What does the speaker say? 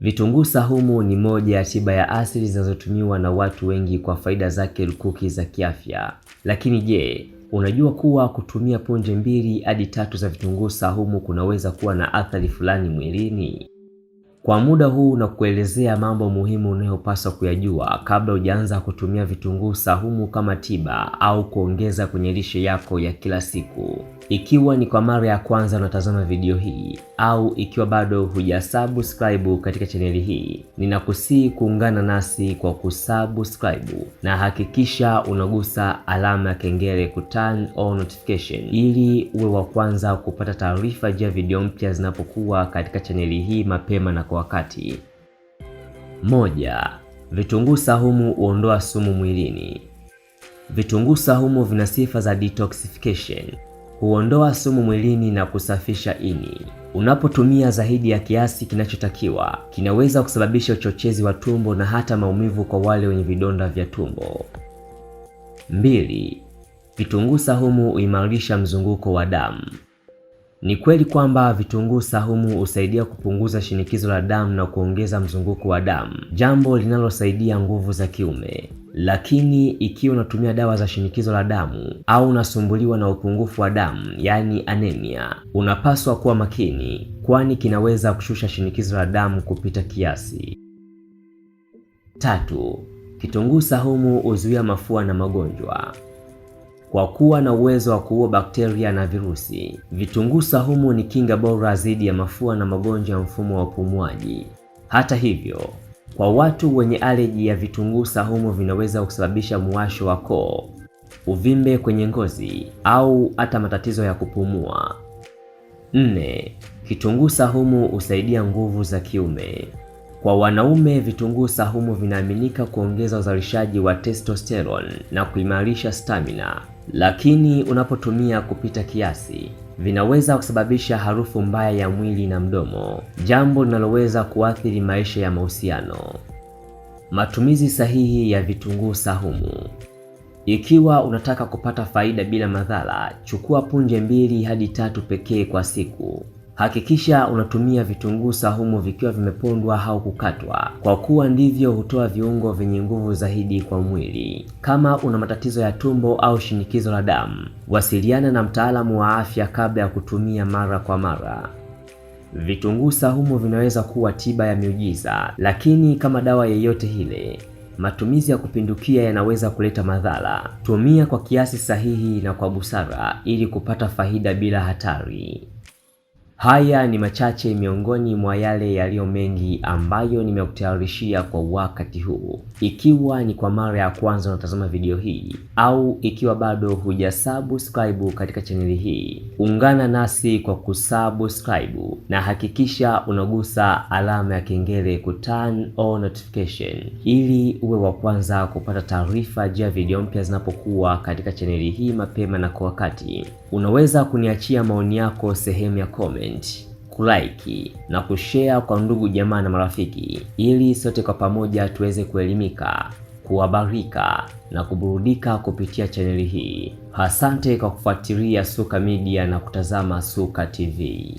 Vitunguu saumu ni moja ya tiba ya asili zinazotumiwa na watu wengi kwa faida zake lukuki za kiafya. Lakini je, unajua kuwa kutumia punje mbili hadi tatu za vitunguu saumu kunaweza kuwa na athari fulani mwilini? Kwa muda huu na kuelezea mambo muhimu unayopaswa kuyajua kabla hujaanza kutumia vitunguu saumu kama tiba au kuongeza kwenye lishe yako ya kila siku. Ikiwa ni kwa mara ya kwanza unatazama video hii au ikiwa bado hujasubscribe katika chaneli hii, ninakusii kuungana nasi kwa kusubscribe na hakikisha unagusa alama ya kengele ku turn on notification ili uwe wa kwanza kupata taarifa juu ya video mpya zinapokuwa katika chaneli hii mapema na kwa wakati. Moja, vitunguu saumu huondoa sumu mwilini. Vitunguu saumu vina sifa za detoxification huondoa sumu mwilini na kusafisha ini. Unapotumia zaidi ya kiasi kinachotakiwa, kinaweza kusababisha uchochezi wa tumbo na hata maumivu kwa wale wenye vidonda vya tumbo. Mbili, vitunguu saumu huimarisha mzunguko wa damu. Ni kweli kwamba vitunguu saumu husaidia kupunguza shinikizo la damu na kuongeza mzunguko wa damu, jambo linalosaidia nguvu za kiume. Lakini ikiwa unatumia dawa za shinikizo la damu au unasumbuliwa na upungufu wa damu, yaani anemia, unapaswa kuwa makini, kwani kinaweza kushusha shinikizo la damu kupita kiasi. Tatu, kitunguu saumu huzuia mafua na magonjwa. Kwa kuwa na uwezo wa kuua bakteria na virusi, vitunguu saumu ni kinga bora dhidi ya mafua na magonjwa ya mfumo wa upumuaji. Hata hivyo kwa watu wenye aleji ya vitunguu saumu vinaweza kusababisha mwasho wa koo, uvimbe kwenye ngozi au hata matatizo ya kupumua. Nne, kitunguu saumu husaidia nguvu za kiume. Kwa wanaume, vitunguu saumu vinaaminika kuongeza uzalishaji wa testosterone na kuimarisha stamina lakini unapotumia kupita kiasi vinaweza kusababisha harufu mbaya ya mwili na mdomo, jambo linaloweza kuathiri maisha ya mahusiano. Matumizi sahihi ya vitunguu saumu. Ikiwa unataka kupata faida bila madhara, chukua punje mbili hadi tatu pekee kwa siku. Hakikisha unatumia vitunguu saumu vikiwa vimepondwa au kukatwa, kwa kuwa ndivyo hutoa viungo vyenye nguvu zaidi kwa mwili. Kama una matatizo ya tumbo au shinikizo la damu, wasiliana na mtaalamu wa afya kabla ya kutumia mara kwa mara. Vitunguu saumu vinaweza kuwa tiba ya miujiza, lakini kama dawa yeyote ile, matumizi ya kupindukia yanaweza kuleta madhara. Tumia kwa kiasi sahihi na kwa busara ili kupata faida bila hatari. Haya ni machache miongoni mwa yale yaliyo mengi ambayo nimekutayarishia kwa wakati huu. Ikiwa ni kwa mara ya kwanza unatazama video hii au ikiwa bado hujasubscribe katika chaneli hii, ungana nasi kwa kusubscribe na hakikisha unagusa alama ya kengele ku turn on notification ili uwe wa kwanza kupata taarifa juu ya video mpya zinapokuwa katika chaneli hii mapema na kwa wakati. Unaweza kuniachia maoni yako sehemu ya comment, kulike na kushare kwa ndugu jamaa na marafiki, ili sote kwa pamoja tuweze kuelimika, kuhabarika na kuburudika kupitia chaneli hii. Asante kwa kufuatilia Suka Media na kutazama Suka TV.